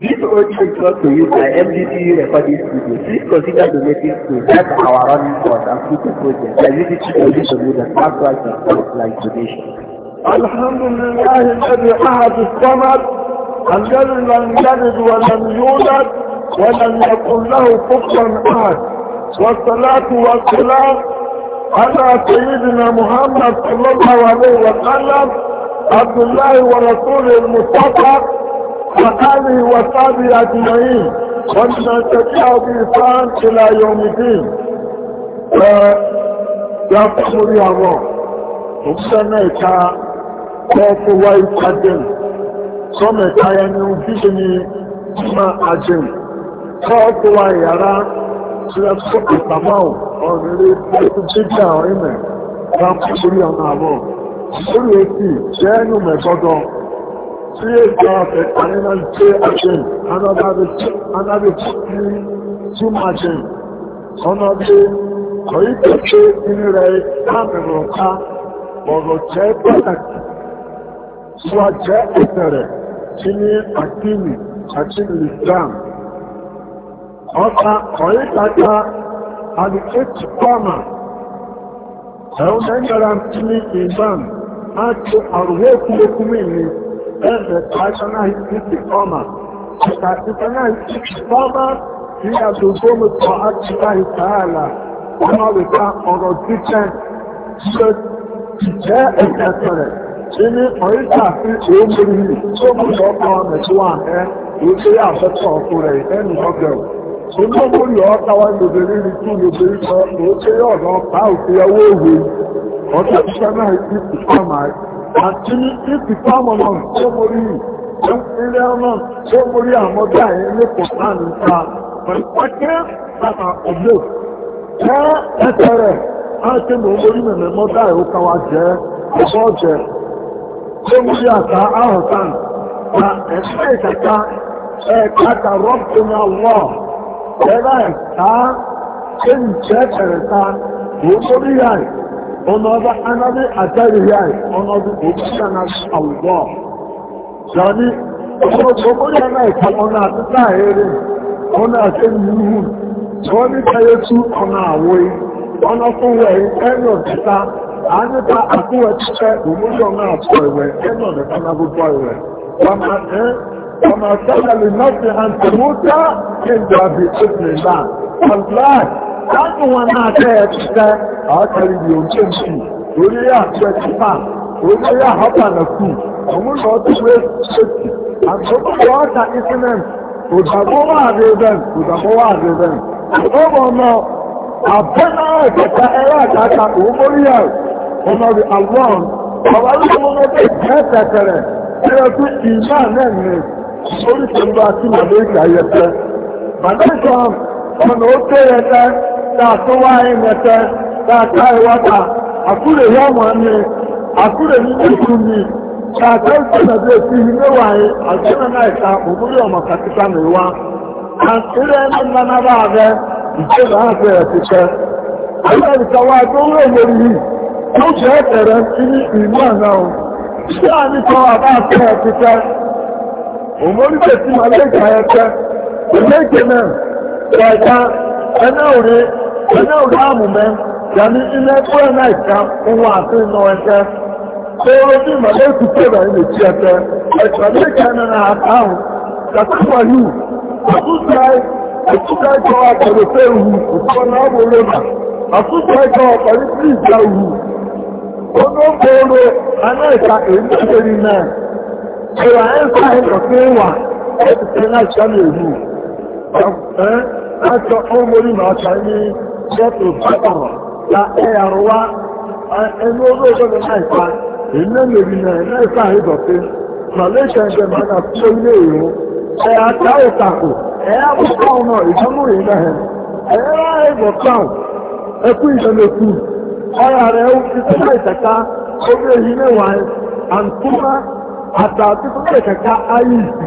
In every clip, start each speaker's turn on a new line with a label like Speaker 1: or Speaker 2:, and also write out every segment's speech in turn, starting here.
Speaker 1: This urgent call to use our MDC recording studio. Please consider donating to help our running costs and future projects by visiting the list of the contract and cost like donation. الحمد لله الذي أحد الصمد الذي لم يلد ولم يولد ولم يكن له كفوا أحد والصلاة والسلام على سيدنا محمد صلى الله عليه وسلم عبد الله ورسوله المصطفى وآله وصحبه أجمعين ومن تتبع بإحسان إلى يوم الدين يقوم بها الله وبسنة kọ́ọ̀kọ́ wá ipa jẹun sọ́mẹ̀ta ẹni ojúṣe ni ma àjẹun kọ́ọ̀kọ́ wá ìyàrá sílẹ̀kọ́ ìpamọ́ ọ̀rẹ́rẹ́ ẹkùn jíjà ọ̀rẹ́mẹ̀ bá kú sórí ọ̀nà àbọ̀ sórí etí jẹ́ ẹnu mẹ́tọ́dọ̀ create profit and then pay again. Another day, another day, too much in. Another day, kò í pèsè inú rẹ̀ láàmìrò ká ọ̀rọ̀ jẹ́ pàtàkì. Sọ jẹ́ ìtẹ̀rẹ̀ tí ní àkíní àti ìlìsàn. Ọ̀ta kò í is àdìkẹ́tì pàmà. Ẹ̀wọ̀n mẹ́jọ́ra tí ní ìbámu. Àti àrùwé kúlókúmí ni and nationalistic reformers. The nationalistic reformers, he has to go with for Akitahi Ta'ala. Wọ́n máa lè ka ọ̀rọ̀ jíjẹ́ ṣe jẹ́ ẹ̀kẹ́sẹ̀ rẹ̀. Ìní ọ̀ríkà sí èémúrí tó mú ọkọ̀ Nàìjíríà ẹ̀ ló ṣe àfẹ́tọ̀ ọkọ̀ rẹ̀ ẹnu ọgbẹ̀ o. Ìlú òmúrí ọ̀ọ́ta wá lóbìnrin ní tún lóbìnrin sọ ló ṣe ọ̀nà ọ̀pá òfin ẹwọ́ òwe. Ọ̀tá ìṣẹ́ náà ti fi kọ́ màá àti ìpìpá ọmọ náà tó mórí ilé ọmọ tó mórí àmọ́dá ẹ̀ lẹ́kọ̀ọ́ náà nípa pẹ̀lú pẹ́kẹ́ láta ògbò jẹ́ ẹ̀tẹ̀ rẹ̀ láti mọ̀ mórí mẹ̀mẹ̀ mọ́dá ẹ̀ òkà wa jẹ́ ọ̀bọ̀ jẹ́ tó mórí àtà áhùtàn na ẹ̀ṣẹ́ ìkàkà ẹ̀kàkà rọ́pùnà wọ́ ẹ̀rẹ́ ẹ̀ká ẹ̀ǹjẹ́ ẹ̀rẹ̀ta òun mórí yàrá another another àtẹ́rì yá ọ̀nàdún òmìnira àwùjọ jọni ọmọdé náà ìtàkọ́nà àti láàrin ọ̀nà àti ìlúhùn wọ́n ní tẹ́yẹ tú ọ̀nà àwòí ọ̀nà fún wẹ̀ ẹ̀nà ọ̀dẹ́ta àníta àkúwẹ̀ títẹ́ òmúdé ọ̀nà àtọ̀ ìwẹ̀ ẹ̀nà ọ̀dẹ́ta náà gbogbo ìwẹ̀ وما كان لنفس أن تموت إلا بإذن الله الله ládùn wọn náà tẹ́ ẹ ti tẹ́ àákàrí ní oúnjẹ sí orí àtúwẹ̀ títà orí àhápà nàkú ọmú lọ tó wé ṣètì àtúwọ́ ọ̀tà ìsinẹ̀m òdàbọ̀ wà rẹ̀ bẹ́ẹ̀ òdàbọ̀ wà rẹ̀ bẹ́ẹ̀ ọmọ ọmọ àbẹ́nà ẹ̀kẹta ẹ̀rọ àtàkà òun mórí ẹ̀ ọmọ rẹ̀ àwọn ọmọ rẹ̀ ọmọ rẹ̀ ẹ̀ẹ́tẹ̀tẹ̀rẹ̀ ẹ̀rọ tó ìmọ̀ náà ní orí tẹ̀lú àti màlẹ́ ìgbà yẹtẹ màlẹ́ ìgbà ọ̀nà ó tẹ̀yẹtẹ ta tó wá ẹ̀mẹ̀tẹ́ ta ká ìwọ́ta àkúrè yọ́mọ̀ ni àkúrè ní ìlú mi ta tó ìsọ̀nàdé sí ilé wà ní àjọ́nà náà ta òmúrí ọmọ kàkítà mi wá àkúrè ní nana bá rẹ ìjẹ́ náà bẹ̀rẹ̀ ti tẹ́ ọjọ́ ìkàwà tó wé lórí yìí ó jẹ́ ẹ̀rẹ̀ sí ní ìlú àná o ṣé àníkọ́ àbá àtẹ́ ti tẹ́ òmúrí tẹ̀sí màlẹ́ ìgbà ẹ̀tẹ́ ìlé ìgbẹ́ náà ẹ̀ka ẹ̀ná òrè ẹni ọ̀gá àmùmẹ́ yàní ilé ẹgbẹ́ náà ìka ohun àti iná ẹ̀kẹ́ kóró ní ìmọ̀lẹ́ ìtútù rẹ̀ ní ètí ẹ̀kẹ́ ẹ̀kẹ́ ẹ̀kẹ́ ẹ̀nà àtàwọn kàtàkùn yìí àtúntà ẹ̀kúta ẹ̀kọ́ àkọ̀lẹ̀fẹ́ ìhù òkú ọ̀nà àbúrò náà àtúntà ẹ̀kọ́ ọ̀pọ̀lú sí ìjà ìhù ọdún kóró anáìka èyí kékeré náà ẹ̀rọ ẹ̀ka ẹ̀kọ̀kẹ́ wà ẹ̀kẹ́ náà ṣàlẹ̀ ìhù ẹ̀kọ́ ọmọ orí màá ṣàlẹ̀ suratul Baqarah ta ẹ̀yàrá wa ẹni olóògbé mi náà ìpa iná lèmi náà iná ìfà ìdọ̀tí malaysia ẹgbẹ́ máa ń àtúnṣe ilé ìrún ẹ̀ àtà òtàkù ẹ̀ àbùkọ́ ọ̀nà ìdánwò yìí náà ẹ̀ ẹ̀ rà ẹ̀bọ̀ town ẹkú ìṣẹ̀lẹ̀ kù ọ̀rọ̀ rẹ̀ ó ti tó náà ìtẹ̀ka omi èyí mẹ́wàá ẹ̀ àǹtúmá àtà àti tó náà ìtẹ̀ka ayé ìsì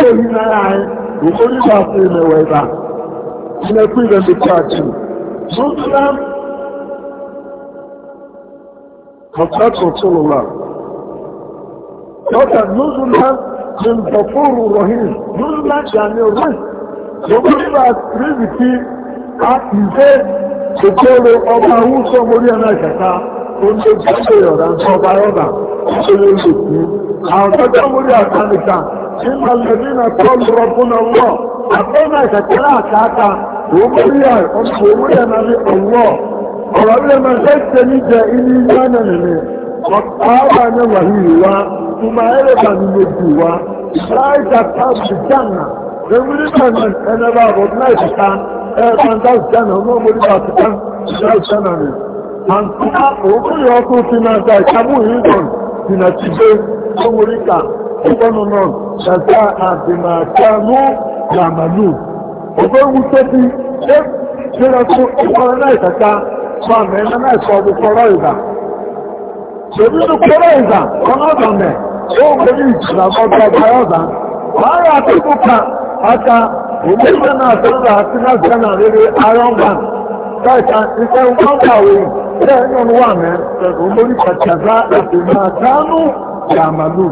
Speaker 1: ó èyí náà ẹ̀ òkú nígbà fún ìmẹ̀wẹ̀ ìbà ilẹ̀ ẹkú ìṣẹ̀lẹ̀ kù àti Muslim contracts Rasulullah. What a Muslim in Bafur Rahim. Muslim can you read? The Muslim has really been at his head to tell you about who somebody and I can have. Oúnjẹ ìjọba ọ̀dà ń sọ ọba ọ̀dà وبريع وبريع ما بيق الله ورأي ما شكتني جائلي كان مني وقال وهيوا ثم عرف من يجوا رأيت أصحاب الجنة يقول من أنا باب الله سبحان أنا الجنة وما مريد سبحان الجنة مني àǹtí òkúrì ọkùn ti máa ta ìkàmú ìrìnkàn ìnà ti gbé ọmọríkà ọgbọ́nù náà ṣàtà àdìmàkà mú làmàlù ọgbọ́n wúṣẹ́ bíi ṣé ṣé lọ sí ìkọrọ náà ìtẹta sọ àmì ẹ̀mẹ́ náà sọ ọdún kọrọ ìgbà ṣèbí ní kọrọ ìgbà ọ̀nà ọ̀dọ̀mẹ̀ ó ń gbẹ́lú ìjìnlá ọgbà ọgbà ọ̀dà wàhálà àtúntò kan aka òmìnira náà sọ́dọ̀ àti náà sọ́dọ̀ náà rere arọ́ngbà láìka iṣẹ́ wọn kàwé bẹ́ẹ̀ ní ọ̀nà wà mẹ́ ẹ̀kọ́ lórí pàtàkì àti máa dánú ìyàmàlú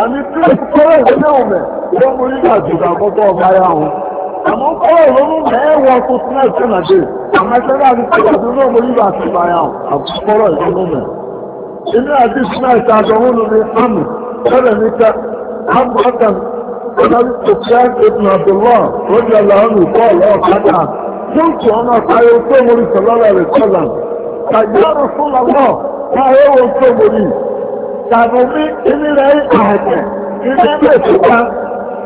Speaker 1: àmì tí ó kọ́rọ̀ ìgbẹ́ náà mẹ́ lọ́mọ nígbà jùlọ àkọ́kọ́ ọba yà wọn àmọ́ kọ́ ìrònú mẹ́wọ́ tó tún náà tún náà dé àmọ́ ẹgbẹ́ náà ti tó ìgbàdún náà mo nígbà tó bá yà àkọ́kọ́rọ̀ ìrònú mẹ́. inú àti sinmi àti àjọwọ́ ló ní hàmù lọ́dọ̀ ní ká hàmù ọ̀kan ọ̀dọ́rí tó fẹ́ ìdùnnà àbúlọ́ lójú aláwọ̀nù kọ́ ọ̀lọ́ọ̀kadà yóò tún ọ̀nà àtàyè tó mórí sọ̀lọ́rọ̀ rẹ̀ kọ́là tàgbẹ́rù fún tàbí ilé rẹ̀ ààbẹ̀ ilé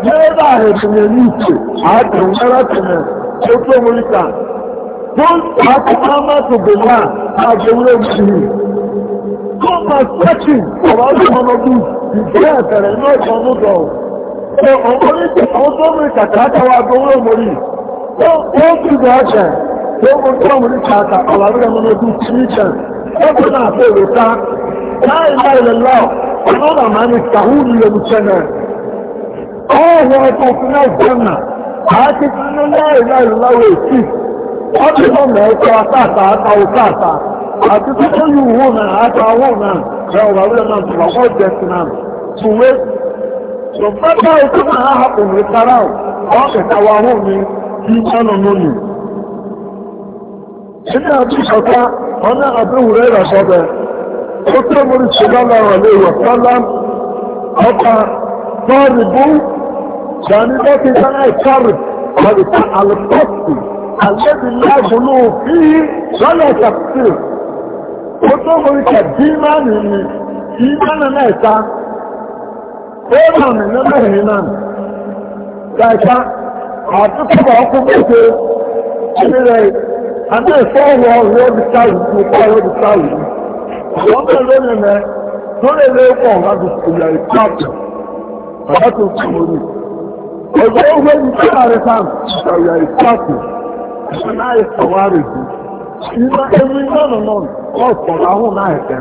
Speaker 1: naira hẹ̀mẹ̀yẹ ní ìpè àádùn náírà tẹ̀mẹ̀ tó tó mọ́ríkà tó ń tààkù ámà a bèèrè àgbẹ̀wúrẹ́ ìṣìlẹ̀ tó ma sẹ́kì ọ̀rọ̀ ọdún ọmọdún ìgbẹ́ ẹ̀fẹ̀rẹ̀ náà kan ló dọ̀ ọ̀ ọmọdé àwọn tó mọ̀rí kàkàkà wa àgbẹ̀wúrẹ́ mọ̀rí ó ti bẹ̀ ọ̀ṣẹ̀ tó mọ̀ tó mọ̀rí kàkà ọ̀rọ̀ ọdún ọmọdún tìrìṣẹ̀ tó náà fẹ́ òrùka láìláìlẹ̀ lọ ọ̀nà ọ̀nà máa ní kàhúrù lẹ́nu tẹ́lẹ̀ wọ ọkọ̀ fún ẹ̀gbọ́nà àti nínú lẹ́yìn lẹ́yìn lọ́wọ́ èsì wọ́n ti mọ̀ mẹ́ẹ̀kọ́ àtàtà àtàwọ̀ káàtà àti tó tó yìí wò náà àtàwọ̀ náà rẹ̀ ọ̀rọ̀ wílẹ̀ náà tó wọ́n jẹ́ sí náà tùwé lọ́pẹ́pẹ́ òkú náà hapù ní sára wọ́n kẹta wà hù ní kí ọ̀nà lónìí. Ṣíkà àti ìṣọ̀ká wọn náà àbí wùrẹ́ ìrọ̀sọ́bẹ̀ ó tó mú ìṣẹ̀lá lọ́rọ̀ يعني لكن انا الشر فبتاع القصد الذي لا بلوغ فيه ولا تفسير وتقول لك ديما ديما ناسا ايضا من المهنان لكن àtúntàbà ọkùnkùnkù ṣílẹ̀ àti ìfọ́wọ́ rọ́bìtàlì nípa rọ́bìtàlì wọ́n bẹ̀rẹ̀ lónìí mẹ́ tó lè lé pọ̀ láti ìpìlẹ̀ ìpáàkì àbátò kòmòrì ọjọ́ ìwé ìjọba rẹ̀ fam ìṣàyà ìpàkù ìṣúná ìṣọ̀wá rẹ̀ jù ìmọ̀ ẹni nọ́ọ̀nù náà ọ̀pọ̀ láhùn náà ẹ̀kẹ́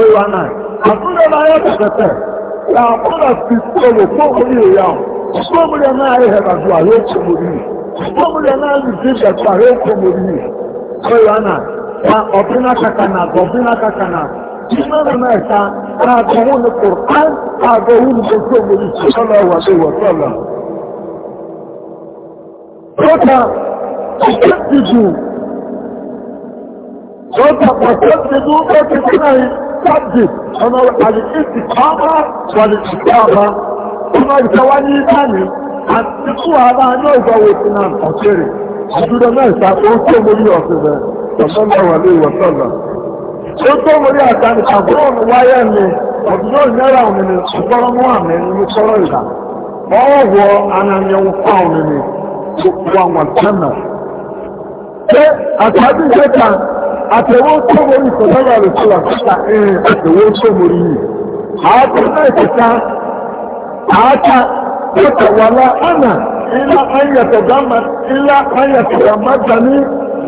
Speaker 1: ìwà náà àtúndọ̀ náà yẹ pẹ̀pẹ̀pẹ̀ yà àkọ́dà sí kúrò fún orí ìyá ọ̀ fún omi rẹ̀ náà ẹ̀hẹ̀ ràdù àrẹ òkú mori fún omi rẹ̀ náà lè dé ìgbàtú àrẹ òkú mori ìwà náà ọ̀bínà kàkànà ọ̀bínà kàkànà ìmọ̀ náà ẹ̀ka حاضرون القرآن حاضرون بسوم الله صلى الله عليه وسلم وتتجدوا وتتجدوا وتتجدوا أنا على الاستقامة والاستقامة أنا الثواني ثاني àtìkú ara ní ọgbà wòtínà ọ̀kẹ́rẹ̀ àdúrà náà ìsàkóso mórí ọ̀sẹ̀ rẹ̀ tọ̀sọ́lá wà ní ìwọ̀sọ̀lá ó tó wọlé àtàlù àbúrò ní wáyé mi ọ̀dúnrún náírà òun ni ṣùgbọ́n mú àmì ní sọ́rọ̀ ìlà wọ́n wọ ananyẹ̀wò fáwọn ni wọ́n wọ́n tẹ́mẹ̀. pé àtàdé ṣẹta àtẹ̀wé tó wọlé ìfọ̀sọ́gbà rẹ̀ tó síta ẹ̀ẹ́n àtẹ̀wé tó wọlé yìí. àátọ́ náà ìfẹ̀ta àátá ṣẹta wà lá ánà ilá ayẹ̀tẹ̀dá mẹ́ta ní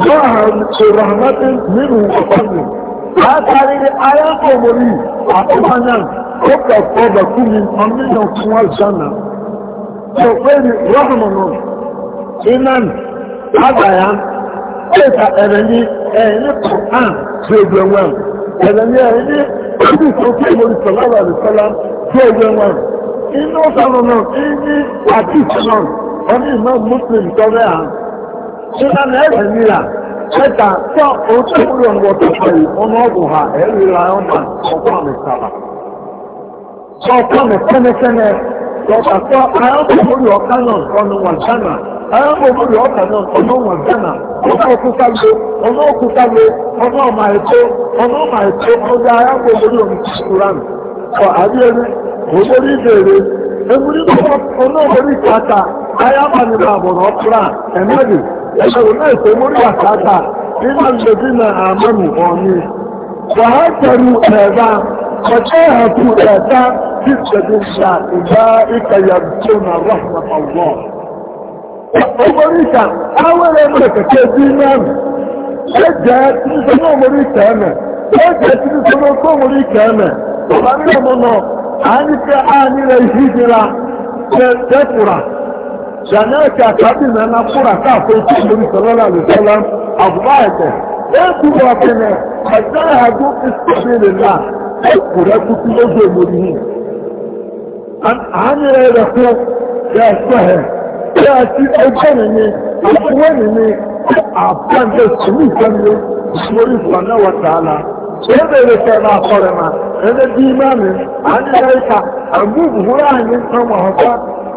Speaker 1: lọ́hàn ìrọ̀hàn mẹ́ta nínú ọ̀pọ̀ látàrí arákùnrin mi àtúmọ̀ náà ó kẹ̀kọ́ bẹ̀ fún mi ọmọnìyàn fún àjánà tó pé ní rọ́mọ̀nà inan àgbàyà pèsè ẹ̀rẹ̀ ní ẹ̀yìn kọ̀ọ̀kan tí ó gbẹ̀ wọn ẹ̀rẹ̀ ní ẹ̀yìn ní ibi tó fi mori sọ̀láwà rẹ̀ sọ́lá tí ó gbẹ̀ wọn inú sọ̀rọ̀ náà ní àti ìṣẹ̀lọ̀ ọdún ìmọ̀ muslim tọ́lẹ̀ à inan ẹ̀rẹ̀ níra ẹ̀ka sọ oṣù kúrò ní wọ́n tó fẹ́ yìí ọmọ ọ̀gùn ha ẹ̀rí ra ọmọ ọ̀pọ̀ àmì sábà. sọ ọ̀pọ̀ àmì sẹ́nẹ́sẹ́nẹ́ lọ́kà sọ ayọ́pọ̀ mórí ọ̀ká náà ọ̀nà wà gánà ayọ́pọ̀ mórí ọ̀ká náà ọ̀nà wà gánà ọ̀nà òkúta lo ọ̀nà òkúta lo ọ̀nà ọ̀mà ètò ọ̀nà ọ̀mà ètò ọ̀gá ayọ́pọ̀ mórí ọ̀nà ìṣúran ọ̀ àbíyẹ̀rí òmórí ìbéèrè ewúrẹ́ ọ̀nà òmórí kàtà ayọ́pọ̀ ẹ̀ṣọ̀rọ̀ náà ṣe mórí àtàtà nígbà ìṣẹ́bí na àmọ́nù ọ̀ní wàá tẹ̀rù ẹ̀dá ọjọ́ ẹ̀kú ẹ̀dá tí ìṣẹ́bí ṣà ìgbà ìkẹyà tó na rọ́pàpàwọ̀ ọmọríkà awẹ́rẹ́ mọ̀ kẹ̀kẹ́ bí náà ẹ̀jẹ̀ tí ìṣẹ́bí ọmọríkà ẹ̀mẹ̀ ẹ̀jẹ̀ tí ìṣẹ́bí ọmọríkà ẹ̀mẹ̀ ọ̀bá ní ọmọ náà àánìkẹ́ àánìrẹ̀ ìhìdìrà tẹ́kùrà janaka kabina na kura ka fa ci muri sallallahu alaihi wasallam abbaata ya e ku ba kana fazahadu istabilillah e kura ku ti ojo muri ni an anira da ku ya sahe ya ci ogana ne ogana ne abban da sumi kan ne muri sallallahu wa ta'ala sai da ya sai na kore ma e da bi ma ne an yi ka abubuwa ne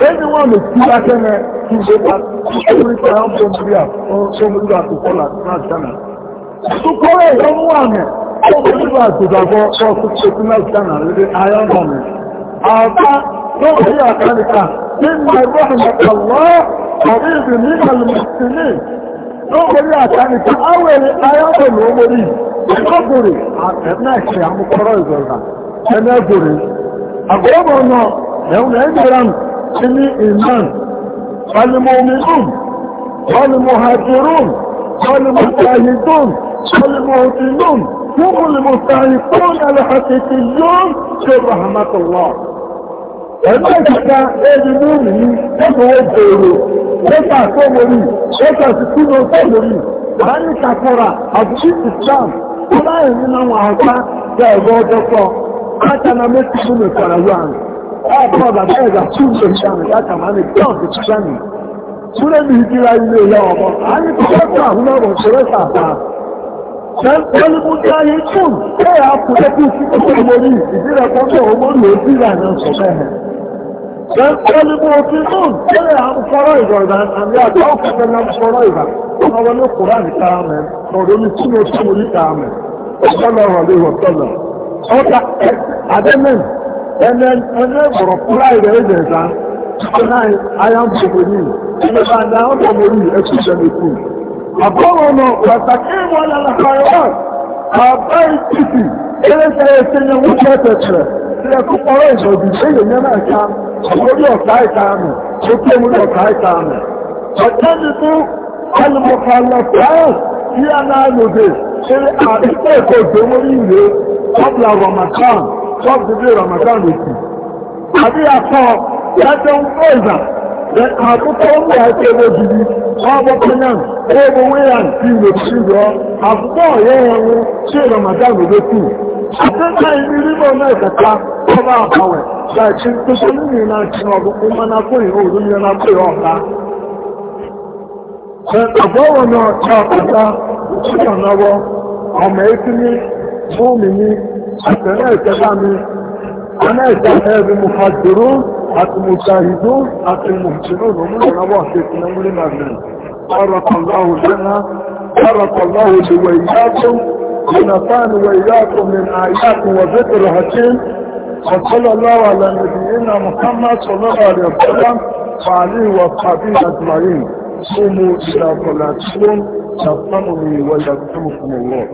Speaker 1: anyone who see that in there, he go back. Every time from Syria, or from Syria to Poland, not Ghana. So Korea is on one hand. From Syria to Davao, or to Chesina, Ghana, with the iron army. Àbá tó ń rí àkàríkà nínú ẹgbẹ́ ìmọ̀kànlá ọ̀rí ìdí ní àlùmọ̀sílẹ̀. Tó ń rí àkàríkà áwẹ̀rẹ̀ ayọ́bọ̀ ló ń rí. Ìkọ́gbòrè ẹ̀mí ẹ̀ṣẹ̀ àmúkọ́rọ̀ ìzọ̀rọ̀ ẹ̀mí ẹ̀gbòrè. Àgbọ̀rọ̀ náà ẹ̀hún ẹ̀gbẹ̀rẹ̀ ti ní iman alimominun alimohajirun alimotahidun alimohudinun fún olùmọ̀tàríkún alàhàtẹ̀tẹ̀ yóò ṣe rahmatullah ẹgbẹ́ ìkẹta ẹni múmi ní ẹgbẹ̀wọ̀ bèèrè lẹ́ta tó mórí lẹ́ta sí kúrò tó mórí wà ní kàkọ́ra àbúkí islam tó láì nínú àwọn àgbá ẹ̀rọ ọjọ́ kan látàná méjì yóò àrùn ọ̀pọ̀ bàbá ẹ̀dà tún ṣe ṣàmì látàmà ní tọ́ọ̀ ti ṣàmì túnlẹ̀ ní ìdíra ilé ìyá ọmọ àyè tó kẹ́kọ̀ọ́ àwọn ọmọ ìṣẹ̀rẹ́ sàfà ṣẹ́ńtọ́lì mú ní ayé tún ẹ̀ àkùnrẹ́kù sí kókó ìmọ̀lì ìdíra kọ́kọ́ òmòlì òbíra náà sọ̀fẹ́ ẹ̀ ṣẹ́ńtọ́lì mú òfin tún ẹ̀ àkùnfọ́rọ̀ ìgbọ̀nà àmì àjọ ọ̀fẹ́ náà fọ́rọ̀ ìgbà ọmọ ní kùránì káàmẹ́ ọ̀rọ̀ ní túnú túnú ní káàmẹ́ ọ̀sán lọ́rọ̀ lè wọ̀ ẹnẹ ẹnẹ gbọ̀rọ̀ fúlá ìrẹ̀ ẹ̀jẹ̀ ẹ̀sà ṣọ́nà ayáǹbọ̀mọ̀lì ẹ̀bá ní ayáǹbọ̀mọ̀lì ẹ̀kú ìṣẹ̀lẹ̀ kù. àbọ̀wọ̀ nọ pàtàkì wọn lọ́la fàyọ̀ bàbá ìtìtì ẹlẹ́sẹ̀ ẹ̀sẹ̀ ní wúkẹ́ tẹ̀tẹ̀rẹ̀ tí ẹ kó pọ̀rọ̀ ìṣọ̀dù ṣẹ́yẹ̀ ní ẹ̀ka lórí ọ̀tá ìta àmì tó kí omi ọ̀tá ìta àmì. ọ̀tẹ́ ni tó alùpùpù àlọ́pàá tí a náà lòdè ṣe àdúgbò èkó ìgbéwọ́n ìwé ọ̀bùlà rọ̀màkàn ṣọ́ọ̀bù bí ramadan lòsì àbí akọ ẹjọ́ ń fòzà àkókò ń bọ̀ ẹ̀kọ́ ewé gidi ọgbọ́ pinnan ewé wíyàn tí ìwé tí rọ àkókò ọ̀yẹ́ ẹ̀rún tí ramadan lòdó kù àtẹ́kọ̀ ìní rímọ̀ náà kẹta ọba àbáwẹ̀ láti tó tó nínú iná tí ọgbọ́n mọ́nà kó ìhó òdó ní ẹ̀rọ pé ọ̀la ọgbọ́wọ̀ náà ọ̀ta ọ̀ta ọ̀nàwọ̀ ọmọ ẹ̀kí ní fún mi ní أتناك أمي أتناك أبي مخدرون المجاهدون المهتمون ومن نواحي تنول مبنى فرق الله لنا فرق الله لوياكم ونفان وإياكم من آيات وذكر حكيم وصلى الله على نبينا محمد صلى الله عليه وسلم وعليه وصحبه أجمعين قوموا إلى صلاتكم تفهمني ويرحمكم الله